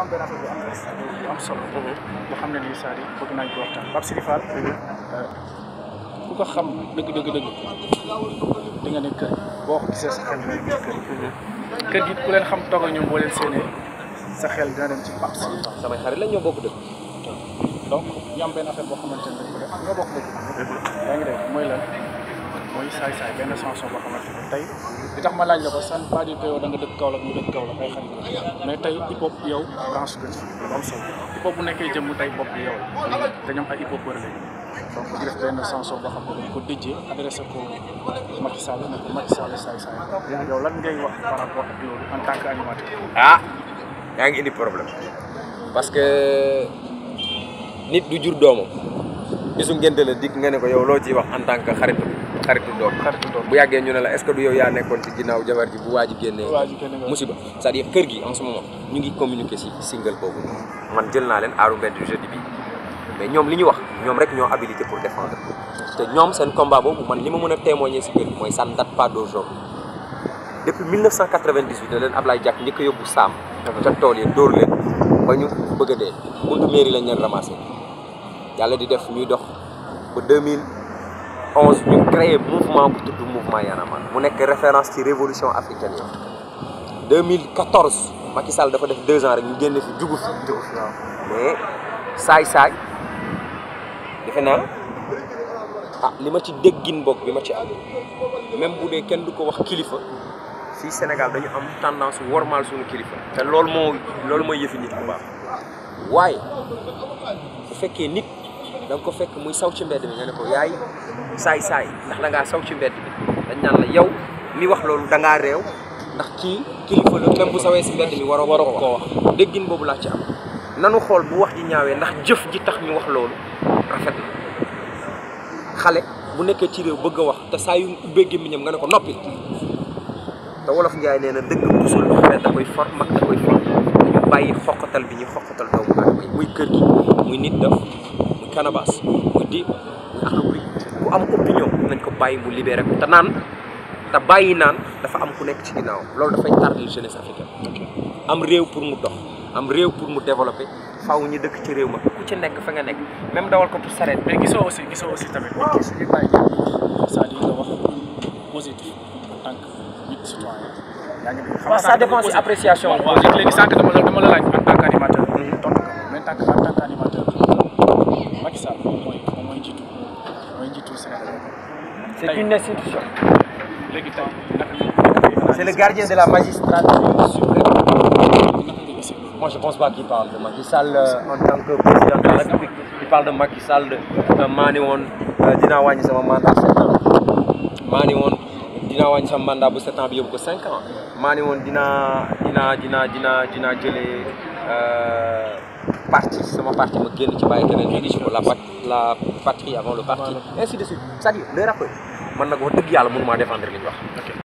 am benn affaire bu am solo boo xam ne nii Sadio bëgg naa ko waxtaan Pape Sidi euh, ku ko xam dëgg dëgg dëgg di nga ne kër boo ko gisee sa xel dina dem ci kër kër gi xam toog ñoom sa xel dina dem ci Pape Sidi samay xarit lañ bokk dëgg donc ñu benn affaire boo xamante ne def mooy lan mooy saay saay benn chanson boo xamante ne tey li tax ma laaj la ko san pas du tout da nga dëkk Kaolack ñu dëkk Kaolack ay xarit mais tey hip hop yow branche gën lu am solo hip hop bu nekkee jëmm tey bopp yow dañoo am ay hip hop bëri léegi donc ñu def benn chanson boo xam ne dañ saay saay yow lan ngay wax par loolu en tant que animateur. ah yaa ngi indi problème parce que nit du jur doomam bisu ngénte la dikk nga ne ko yow loo ciy wax en tant que xarit. xaritu doom bu yàggee ñu ne la est-ce que du yow yaa nekkoon ci ginnaaw jabar ji bu waa ji génnee musiba cest à kër gi en ce moment ñu ngi communiquer si single boobu man jël naa leen aaru mbedd jeudi bi mais ñoom li ñu wax ñoom rek ñoo habilité pour défendre te ñoom seen combat boobu man li ma mën a témoigner si kër gi mooy ça ne date pas d'aujourd'hui depuis 1998 la leen Ablaye Diack njëkk a yóbbu saam ca tool yi dóor leen ba ñu bëgg a dee buntu mairie lañ leen dox ba 2000 onze ñu créé mouvement bu tudd mouvement Y'en a marre mu nekk référence ci révolution africaine yi 2014 Sall dafa def deux ans rek ñu génne fi jugu fi jugu mais saay saay defe naa ah li ma ci déggin bokk bi ma ci am même bu dee kenn du ko wax kilifa fii Sénégal dañu am tendance wormaal suñu kilifa te loolu moo loolu mooy yëfi nit bu baax waaye bu fekkee nit da ko fekk muy saw ci mbedd bi nga ne ko yaay saay saay ndax da saw ci mbedd mi dañ naan la yow mi wax loolu da ngaa ndax kii kilifa la même bu sawee si mbedd mi war waroo ko wax déggin boobu laa ci nanu xool bu wax ji ñaawee ndax jëf ji tax ñu wax loolu rafet na xale bu nekkee ci réew bëgg a wax te saa yu ubbee gémmiñam nga ne ko noppi te wolof njaay nee na dëgg musul xale da koy for mag da koy for ñu bàyyi xoqatal bi ñu xoqatal Canabasse muy di muy Akabri ku am ko bàyyi mu libéré ko naan te bàyyi naan dafa am ku nekk ci ginnaaw loolu dafay tardé jeunesse africaine am réew pour mu dox am réew pour mu développé faaw ñu dëkk ci réew ma ku ci nekk fa nga nekk même dawal ko pour sareet mais gisoo aussi gisoo aussi tamit waaw suñu bàyyi c'est-à-dire nga dama la dama la laaj en tant qu'animateur mm-hmm. tontu ko mais en tant qu'animateur une institution. C'est le gardien de la magistrature suprême. Moi, je pense pas qu'il parle de Macky Sall euh, que président la République. Il parle de Macky Sall maa ne woon euh, dinaa wàññi sama mandat sept ans maa ne woon dinaa wàññi sama mandat bu sept ans bi yóbbu ko cinq ans maa ne woon dinaa dinaa dinaa dinaa dinaa jëlee euh, parti sama parti ma génn ci bàyyi keneen la la avant le parti ainsi de suite man nag wax dëgg yàlla mënu maa défendre li ñu wax